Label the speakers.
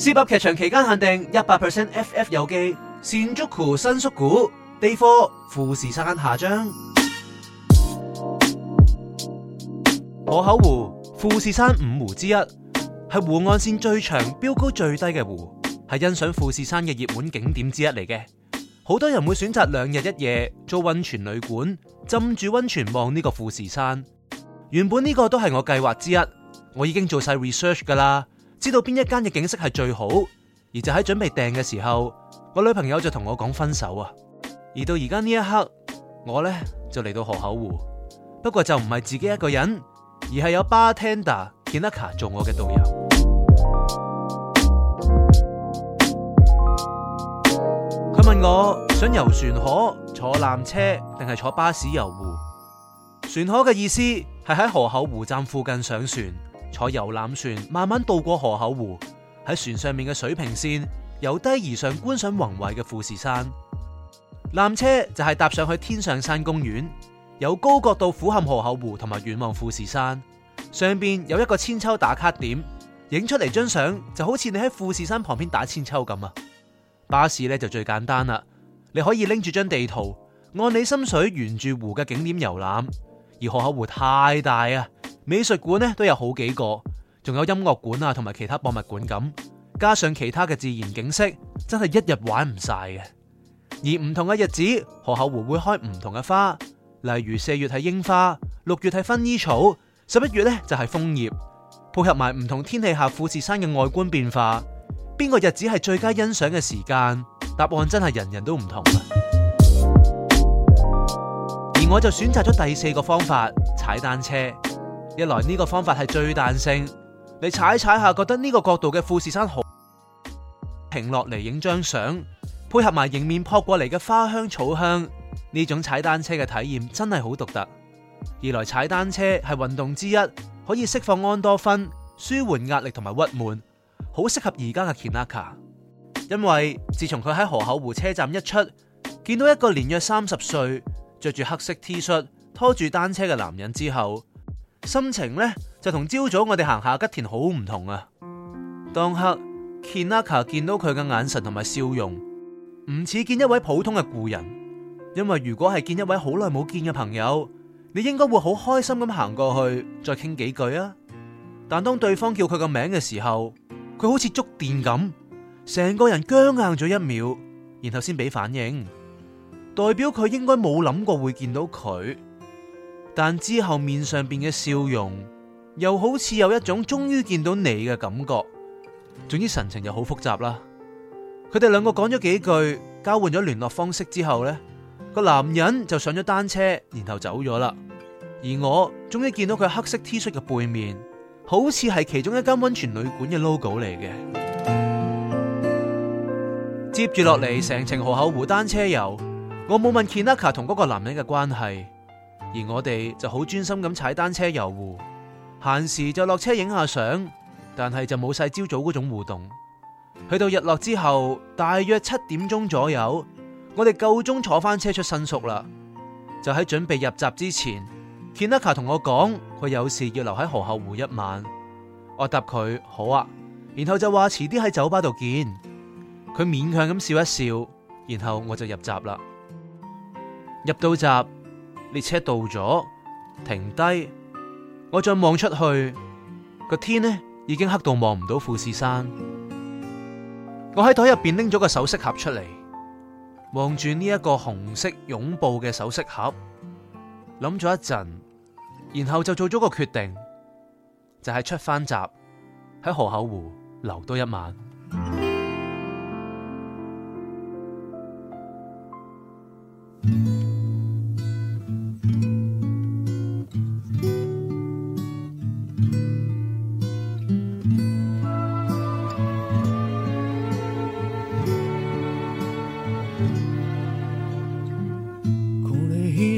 Speaker 1: Zip 噏劇場期間限定一百 percent FF 遊記，Shinjuku 新宿故，Day 4富士山下張，河口湖富士山五湖之一，係湖岸線最長、標高最低嘅湖，係欣賞富士山嘅熱門景點之一嚟嘅。好多人會選擇兩日一夜租温泉旅館，浸住温泉望呢個富士山。原本呢個都係我計劃之一，我已經做晒 research 㗎喇。知道邊一間嘅景色係最好，而就喺準備訂嘅時候，我女朋友就同我講分手啊！而到而家呢一刻，我咧就嚟到河口湖，不過就唔係自己一個人，而係有 bar tender Kinaka 做我嘅導遊。佢問我想遊船河、坐纜車定係坐巴士遊湖？船河嘅意思係喺河口湖站附近上船。坐遊覽船，慢慢渡過河口湖，喺船上面嘅水平線，由低而上觀賞宏偉嘅富士山。纜車就係搭上去天上山公園，由高角度俯瞰河口湖同埋遠望富士山。上邊有一個鞦韆打卡點，影出嚟張相就好似你喺富士山旁邊打韆鞦咁啊。巴士咧就最簡單啦，你可以拎住張地圖，按你心水沿住湖嘅景點遊覽。而河口湖太大啊。美術館咧都有好幾個，仲有音樂館啊，同埋其他博物館咁，加上其他嘅自然景色，真係一日玩唔晒嘅。而唔同嘅日子，河口湖會開唔同嘅花，例如四月係櫻花，六月係薰衣草，十一月呢就係楓葉，配合埋唔同天氣下富士山嘅外觀變化，邊個日子係最佳欣賞嘅時間？答案真係人人都唔同。而我就選擇咗第四個方法，踩單車。一來呢個方法係最彈性，你踩踩下，覺得呢個角度嘅富士山好停落嚟，影張相，配合埋迎面撲過嚟嘅花香草香，呢種踩單車嘅體驗真係好獨特。二來踩單車係運動之一，可以釋放安多酚，舒緩壓力同埋鬱悶，好適合而家嘅 Kinaka。因為自從佢喺河口湖車站一出，見到一個年約三十歲、着住黑色 T 恤拖住單車嘅男人之後。心情咧就同朝早我哋行下吉田好唔同啊！當刻 Kinaka 見到佢嘅眼神同埋笑容，唔似見一位普通嘅故人。因為如果係見一位好耐冇見嘅朋友，你應該會好開心咁行過去，再傾幾句啊！但當對方叫佢個名嘅時候，佢好似觸電咁，成個人僵硬咗一秒，然後先俾反應，代表佢應該冇諗過會見到佢。但之後面上面嘅笑容，又好似有一種終於見到你嘅感覺。總之神情就好複雜啦。佢哋兩個講咗幾句，交換咗聯絡方式之後，呢個男人就上咗單車，然後走咗啦。而我終於見到佢黑色 T 恤嘅背面，好似係其中一間溫泉旅館嘅 logo 嚟嘅。接住落嚟，成程河口湖單車遊，我冇問 Kinaka 同嗰個男人嘅關係。而我哋就好專心咁踩單車遊湖，閒時就落車影下相，但係就冇晒朝早嗰種互動。去到日落之後，大約七點鐘左右，我哋夠鐘坐翻車出新宿啦。就喺準備入閘之前，Kinaka 同我講佢有事要留喺河口湖一晚，我答佢好啊，然後就話遲啲喺酒吧度見。佢勉強咁笑一笑，然後我就入閘啦。入到閘。列車到咗，停低，我再望出去，個天呢已經黑到望唔到富士山。我喺袋入面拎咗個首飾盒出嚟，望住呢一個紅色擁抱嘅首飾盒，諗咗一陣，然後就做咗個決定，就係、是、出翻閘，喺河口湖留多一晚。嗯